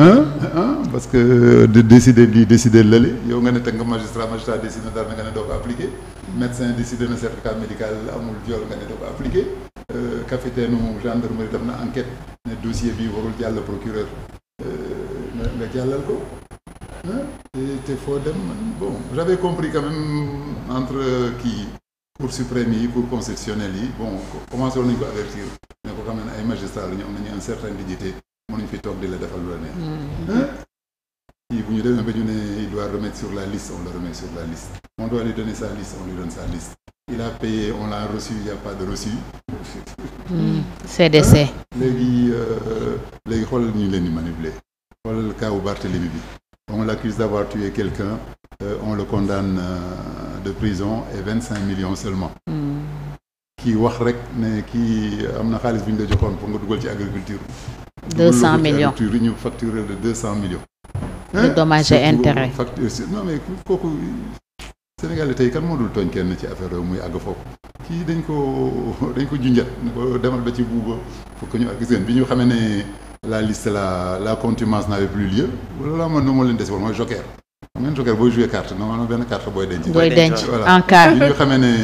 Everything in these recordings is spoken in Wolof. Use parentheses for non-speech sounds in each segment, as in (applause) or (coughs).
ah parce que euh, di décider lii décider lële yow nga ne teg nga magistrat magistrat décider dara nga ne doo ko appliqué médecin décider na certificat médical amul viol nga ne doo ko appliqué euh, capitaine gendarmerie def na enquête ne dossier bi warul jàll procureur euh, nga jàllal ko te foo dem bon j'avais compris quand même entre kii cour suprême yi cour constitutionnelle yi bon commencé woon nañu ko avertir ne ko xam ne ay magistrat la ñu am nañu un certain dignité mënuñ fi toog di la defal mm. bu ñu demee ba ñu ne il doit remettre sur la liste on le remet sur la liste on doit lui donner sa liste on lui donne sa liste il a payé on l'a reçu il y a pas de reçu. CDC. Mm. léegi euh, léegi xoolal ñu leen di manipuler xoolal kaw Barthélemy bi on l'accuse d'avoir tué quelqu'un euh, on le condamne euh, de prison et vingt cinq millions seulement. Mm. kii wax rek ne kii am na xaalis bu ñu la joxoon pour nga dugal ci agriculture. deux cent millions bu ñu facturé de deux cent millions. de dommages et intérêts non mais kooku Sénégal tey kan moo dul tooñ kenn ci affaire muy àgg foofu. kii dañ ko (laughs) dañ ko junjat ni ko demal ba ci buuba fokk ñu ak gis ngeen bi ñu xamee ne la liste la la contumace n'avait plus lieu wala man nu ma leen des woon mooy joker. xam ngeen joker booy joué carte normalement benn carte booy denc. booy denc en cas bi ñu xamee ne.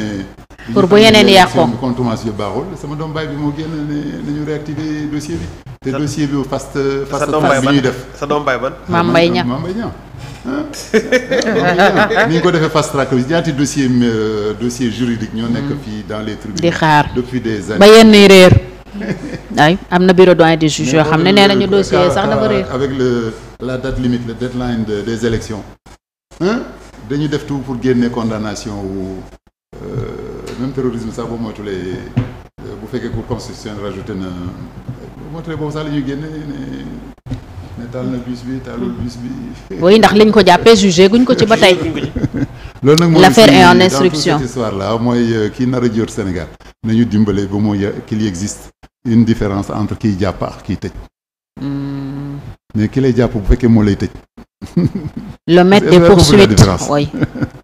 pour bu yeneen yàqoo contumace yu baaxul sama doom bi moo génn ne nañu réactiver dossier bi. te dossier bi fast euh, fast fast bi ñuy def sa doom bay ban Mame Mbaye Niang Mame Mbaye Niang ni ah. ñu ko defee fast track bi ñaati dossier euh, dossier juridique ñoo nekk hmm. fii dans les tribunaux di xaar depuis des années ba yenn réer (laughs) ay am na bureau doyen des juges yoo xam ne nee nañu dossier sax dafa réer avec la date limite le deadline des élections dañu def tout pour génne condamnation wu euh, même terrorisme sax boo moytulee fekkee cour constitutionnelle rajouté na moteur boobu sax la ñuy génne na bus bi taalul bus bi. oui ndax liñ ko jàppee jugé ko ci ba (laughs) loolu nag mooy en instruction dans mooy euh, kii nar a jiwat Sénégal nañu dimbale ba mu qu'il existe une différence entre kiy jàpp ak kiy tëj. Hmm. mais ki lay jàpp bu fekkee moo lay tëj. le maître des poursuites (laughs)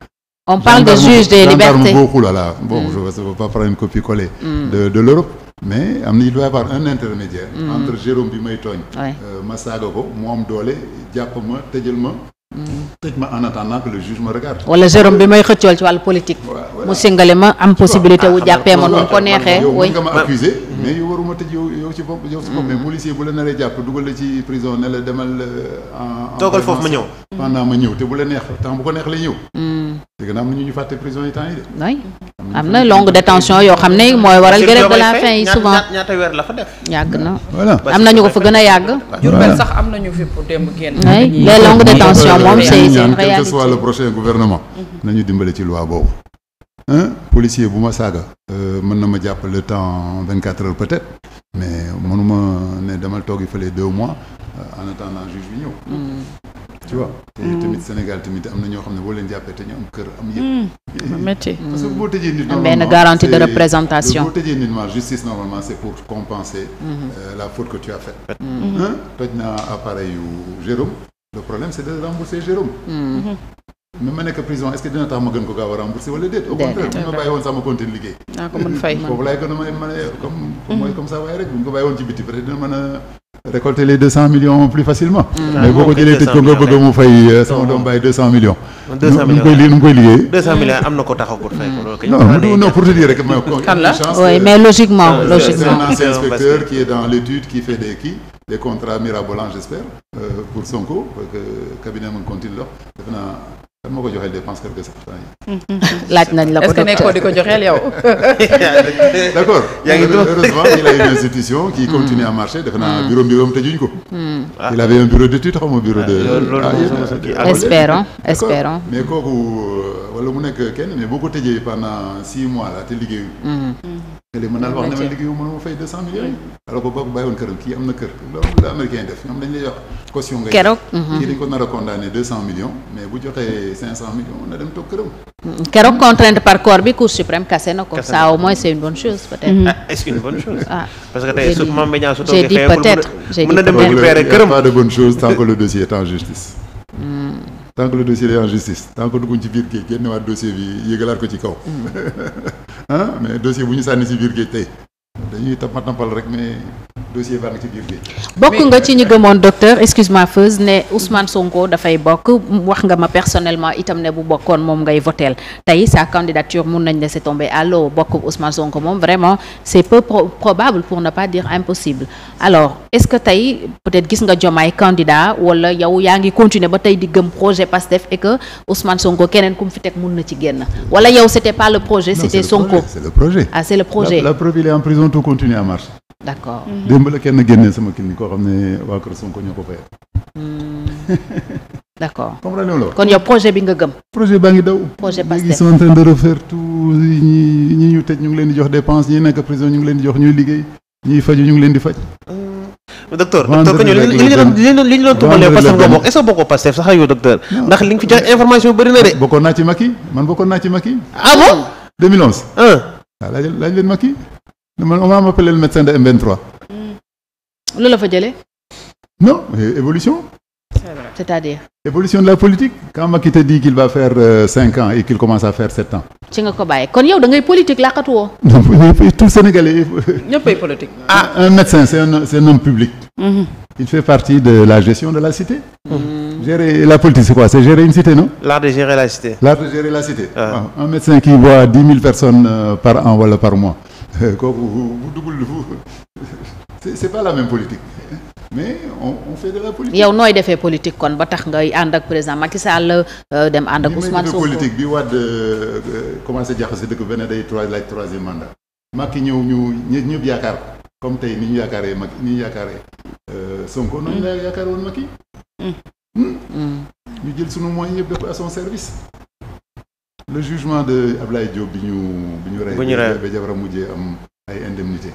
on parle des juges des libertés beaucoup là là mm. bon mm. je ne veux pas prendre une copie-collée mm. de l'Europe mais am na il doit y un intermédiaire mm. entre Jérôme bi may tooñ euh, ma saaga ko moom doole jàpp ma tëjal ma mm. tëj ma en attendant que le juge wala Jérôme bi may xëccool ci wàllu politique mu singale ma am possibilité wu ah, ah, jàppee ah, ma nu ko neexee yow nga ma accusé mais yow waruma tëj yow yow ci bopp yow ci bopp mais policier bu la naree jàpp dugal la ci prison ne la demal euh, en foofu ma ñëw pendant ma ñëw te bu la neex temps bu ko neex lay ñëw dégg naa am na ñu ñu fàtte prison yoo xam ne mooy waral grève de la faim la fa def. yàgg na na ko fa gën a yàgg. Jurbel sax na ñu fi pour démb génn. oui les longues détentions moom c'est c'est réalité quel que soit nañu dimbale ci loi boobu. un policier bu ma saaga euh, mën na ma jàpp le temps vingt quatre heures peut-être mais mënuma ne damal toogi fële deux mois euh, en attendant juge bi ñëw hmm. tu vois. te mm. tamit Sénégal tamit am na ñoo xam ne boo leen jàppee te ñu am kër am yëpp. métti mm. (laughs) parce que boo tëjee nit. am normalement c'est pour compenser. Mm-hmm. Euh, la faute que tu as faite. Mm-hmm. toj naa appareil yu Jérôme. le problème c'est de rembourser Jérôme. Mm-hmm. mais ma nekk prison est-ce tax ma gën ko gaaw a rembourser wala déet. au contraire bu ñu ma sax ma continue liggéey. naa ko mën fay foofu mm. biti peut-être dina mën a récolter deux cent millions plus facilement. Mm. mais boo ko jëlee tëj ko nga bëgg mu fay euh, sama doom bàyyi deux cent millions. deux cent koy li nu mu koy liggéey. deux am na ko taxaw pour fay non non pour te dire rek ma. xam la oui mais logiquement ah, logiquement. c'est un ancien inspecteur qui est dans l'étude qui fait des kii. des contrats mirabolants j'espère euh, pour Sonko kan moo ko joxeel dépense kër (laughs) la ko docteur est-ce que nekkoo di ko joxeel yow. (laughs) d'accord yaa ngi doon heureusement a une institution. qui hmm. continue à marcher defe naa hmm. bureau ko. Hmm. il avait un bureau d'études xam o bureau ah, de. ah espérons espérons. mais euh, wala mu nekk kenn mais boo ko tëjee pendant six mois la te liggéeyu. léegi mën naa la wax ne ma liggéeyu mënuma fay 200 millions yi. alors que boo ko bàyyiwoon këram kii am na kër loolu la américain def ñoom dañ lay wax caution ngay keroog mhm. kii dañ ko nar a condamné mais bu joxee 500 millions na dem toog këram. Mm, keroog contrainte par corps bi cour suprême cassé na ko. ça au moins c' une bonne chose peut être. Mm-hmm. Ah, est une bonne chose. Ah. parce que tey su ma meññaa su toogee. j' ai dit peut être na dem récupérer këram. pas de bonne tant que le dossier est en justice tant que dugguñ ci biir géej génnewaat dossier bi yëgalaat ko ci kaw ah (laughs) mais dossier bu ñu sànni si biir géej tey dañuy tampa tampal rek mais dossier baa ngi bokk nga ci ñu gëmoon docteur excuse-moi Feuz ne Ousmane Sonko dafay bokk wax nga ma personnellement itam ne bu bokkoon moom ngay voteel tey sa candidature mun nañ laisser tomber à l'eau bokk Ousmane Sonko moom vraiment c'est peu probable pour ne pas dire impossible alors est-ce que tey peut-être gis nga jomaay candidat wala yow yaa ngi continuer ba tey di gëm projet PASTEF et que Ousmane Sonko keneen ku mu fi teg mun na ci génn wala yow c'était pas le projet. c'était Sonko c'est le projet. ah c'est le projet. démb la kenn génnee sama clinique koo xam ne waa Kër Sonko ñoo ko fayal. Hmm. d' accord (laughs) comprendre la kon yow projet bi nga gëm. projet baa ngi daw. projet Pastef ils sont en train de refaire tout ñi ñu tëj ñu ngi leen di jox dépense ñi nekk prison ñu ngi leen di jox ñuy liggéey ñuy faju ñu ngi leen di faj. Hmm. docteur docteur Kagnon li ñu doon li ñu doon tuumalee Pastef nga bokk est yow docteur. ndax li nga fi joxe information bëri de. bokkoon naa ci Macky man bokkoon naa ci ah ah, m'a lu la fa jëlee. non évolution. c'est évolution de la politique. quand Macky te dit qu'il va faire euh, cinq ans et qu'il commence à faire sept ci nga ko bàyyi kon yow da ngay politique laqatu woo. tout Sénégalais. Euh, ñëppay politique. ah un médecin c'est un c'est un homme public. Mm-hmm. il fait partie de la gestion de la cité. Mmh. gérer la politique c'est quoi c'est gérer une cité non. l'art de gérer la cité. l'art de ah. Ah, un médecin qui voit dix mille personnes euh, par an wala par mois. (laughs) (laughs) c'est pas la même politique mais yow nooy defee politique kon ba tax ngay ànd ak président Macky Sall euh, dem ànd ak Ousmane Sonko politique bi Wade euh, commencé jaxase dëkk benn day trois laaj troisième mandat. Macky ñëw ñu ñëpp yaakaar ko comme tey ni ñu yaakaaree Macky ni ñu yaakaaree euh, Sonko noonu la yaakaar woon Macky. Hmm. Hmm? Hmm. ñu jël sunu moyens yëpp def ko à service. le jugement de Ablaye Diop bi ñu bi ñu rey ba jabaram mujjee am ay indemnité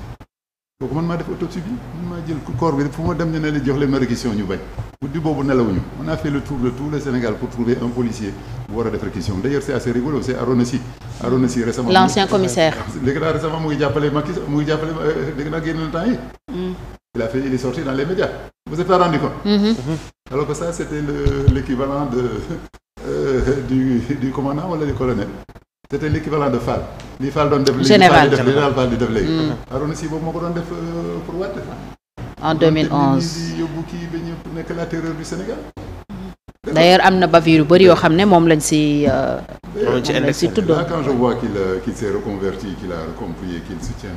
kooku man maa def autopsie bi man maa jël corps bi fu ma dem ñu ne jox leen ma réquisition ñu bañ guddi boobu nelawuñu on a fait le tour de tout le Sénégal pour trouver un policier bu war a def réquisition d'ailleurs c'est assez rigolo c'est Arona Sy Arona Sy récemment l'ancien commissaire léegi daal récemment mu ngi jàppale Macky mu ngi jàppale léegi euh, naa génn na temps yi mm. il a fait il est sorti dans les médias vous êtes pas rendu compte mm-hmm. Mm-hmm. alors que c'était l'équivalent de euh, c'était l'équivalent de Fall. li Fall doon def léegi général Fall di def léegi. Harouna mm. Sy boobu moo ko doon def euh, pour Wade. Ah. en 2011 yóbbu kii ba ñëpp nekk la terreur du Sénégal. d'ailleurs am na bavure yu bëri yoo xam ne moom lañ si. Euh, moom lañ si tuddoon quand je vois qu'il euh, qu'il la reconverti qu'il a compris et qu'il soutient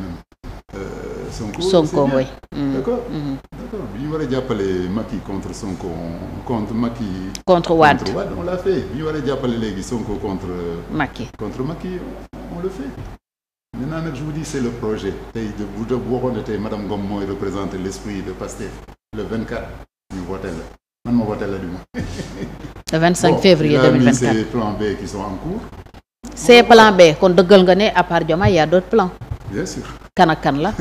Sonko Sonko oui. d' accord d' war a jàppale Macky contre Sonko contre Macky. contre Wade contre Wade on l' a fait bi ñu a jàppale léegi Sonko contre. Macky contre Macky on le fait. maintenant nag je vous dis le projet. tey de bu de waxoon tey madame Ngom mooy représenter l' de Pastef le 24 ñu voté la man ma voté la du moins. (laughs) le 25 février 2024 bon plan B qui sont en cours. ces plan B kon dëggal nga ne à part Diomaye y' a d' bien sûr kan ak kan la. (laughs)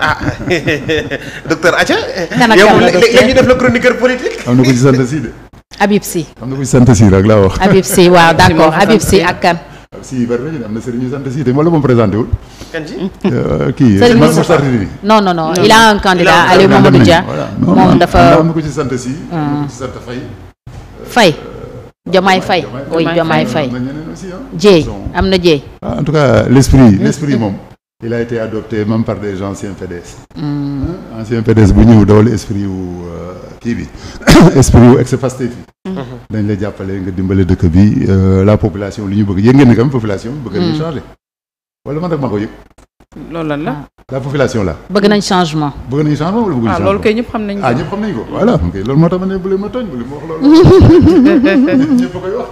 ah (laughs) docteur Acha. kan ak kan la léegi ñu def la chroniqueur politique. am na ko ci sant si de. Habib Sy. am na ko ci sant si rek laa wax. Habib Sy waaw (laughs) d' accord Habib Sy ak kan. si bari na ñu am na sëriñ ñu sant si de moom la moom présenté wul. kan ci euh, kii non non non il a un candidat Aliou Mamadou Dia. moom dafa am na ko ci sant si. Hmm. am na ko ci sant Faye. Faye. Diomaye euh, Faye. Diomaye Faye oui Diomaye Faye. Dieye am na Dieye. Ah, en tout cas l' esprit l' esprit moom. il a été adopté même par des anciens PDS. Hmm. anciens PDS bu ñëw dawal esprit wu euh, kii bi (coughs) esprit wu ex-Pastef yi hmm. dañ la jàppale nga dimbale dëkk bi euh, la population li ñu bëgg yëg ngeen ne kam population bëgg nañu hmm. changer wala man rek maa ko yëg loolu lan la la population la bëgg nañ changement bëgg nañ changement wala bëgg nañ ah, changement loolu kay ñëpp xam nañ ko ah ñëpp xam nañ ko voilà ok loolu moo tax ma ne bu leen ma tooñ bu leen ma wax loolu (laughs) ñëpp koy wax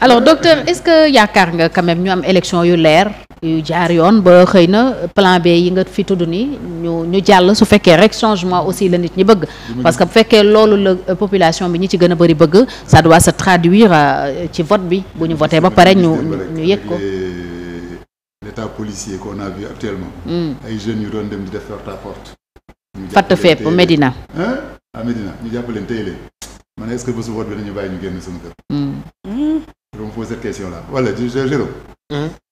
alors docteur est-ce que yaakaar nga quand même ñu am élection yu leer yu jaar yoon ba xëy na plan B yi nga fi tudd ni ñu ñu jàll su fekkee rek changement aussi la nit ñi bëgg parce que bu fekkee loolu la euh, population bi ñu ci gën a bëri bëgg ça doit se traduire euh, ci vote bi bu ñu voté ba pare ñu ñu yëg ko l'état policier qu'on a hmm. ay jeunes yu doon dem di def porte-à-porte fatt fepp Médina ah Médina ñu jàppaleen téye leen man est-ce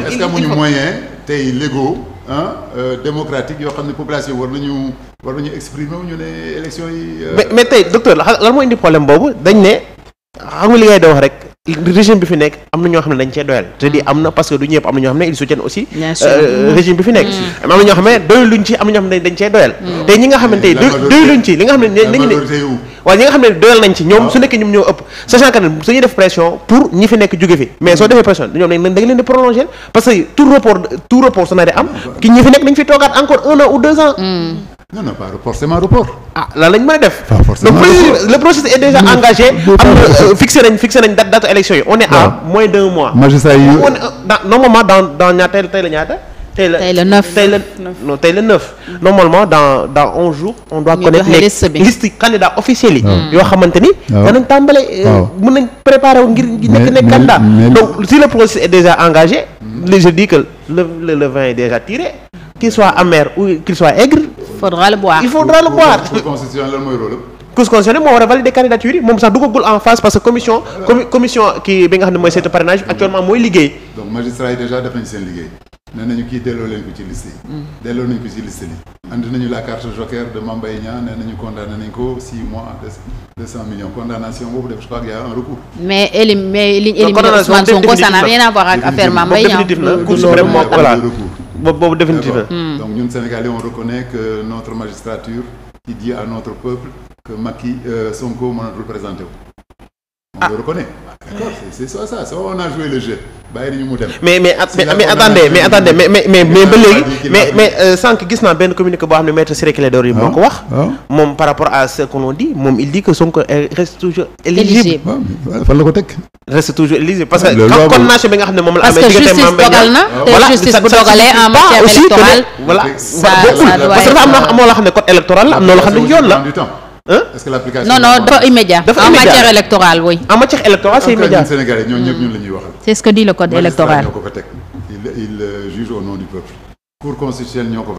problème est-ce que amuñu moyen tey légaux ah démocratique yoo xam ne population war nañu war nañu exprimer wu ñu ne élection yi. Euh, mais mais tey docteur lan moo indi problème boobu dañ ne xam nga li ngay doon wax rek. régime bi fi nekk am na ñoo xam ne dañ cee doyal te di am xam ne ils soutiennent aussi euh, fi nekk mm. am na ñoo xam ne doyal luñ ci na ñoo ne dañ mm. li nga xam ne dañu ne waaye ñi nga xam ne doyal nañ ci ñoom su nekkee ñoom ñoo ëpp sachant que ne suñuy def pression pour ñi fi nekk jóge fi mais soo mm-hmm. defee pression ñoom dañ leen di prolonger parce que tout report su na de am mm-hmm. ki ñi fi nekk dañ fi toogaat encore un an ou deux ans mm. ah lan lañ mën a def. pas forcément report le processus est déjà engagé. am euh, nañ fixé nañ date date élection yi. on est à moins d'un mois. magistrat yi euh, normalement dans dans ñaata tey la tey la tey la neuf tey la neuf. normalement dans onze jours. on doit connaître les liste candidats yi. Ah. yoo xamante ni. waaw ah. danañ tàmbale. Euh, ah. mën nañ préparer wu ngir nekk nekk candidat. donc si le processus est déjà engagé. li je dis que le le le vin est déjà tiré. qu'il soit amer ou qu'il soit aigre. il faudra le boire il en face parce que commission commission kii bi nga xam ne mooy seetu parrainage actuellement mooy liggéey. donc magistrat yi déjà def nañu seen nee nañu kii delloo leen ko ci liste yi. Mm. delloo nañ ko ci liste yi. andi nañu la carte joker de Mame Mbaye Niang nee nañu ko 6 mois deux cent millions condamnation boobu a un recours. mais élim mais liñ éliminé Ousmane n'a rien à voir ak affaire Mame Mbaye Niang. Euh, Cour suprême moo voilà boobu boobu définitif la. donc ñun Sénégalais on reconnaît que notre magistrature qui dit à notre peuple que Macky euh, Sonko mënatul présenté wu. on le reconnaît. D'accord, c'est ça ça ça on a joué le jeu bàyyi nañu mu dem. mais mais mais attendez mais attendez mais mais mais mais ba léegi mais mais euh, sànq gis naa benn communiqué boo xam ne maître Ciré Clédor Ly moo ko ah, wax. Ah. moom par rapport à ce qu'on moom il dit que Sonko reste toujours éligible. Ah, fan la ko teg. reste toujours éligible parce que. loolu bi nga xam ne moom la amee. diggante membre parce que justice dogal na. te justice bu dogalee en matière électorale. voilà ça ça doit être parce que dafa am loo xam ne code électoral la am na loo xam est-ce que l'application non non dafa immédiat. en matière électorale en matière électorale c'est la ñuy waxal. c'est ce que dit le code électoral il euh, juge au nom du peuple. cour constitutionnelle ñoo ko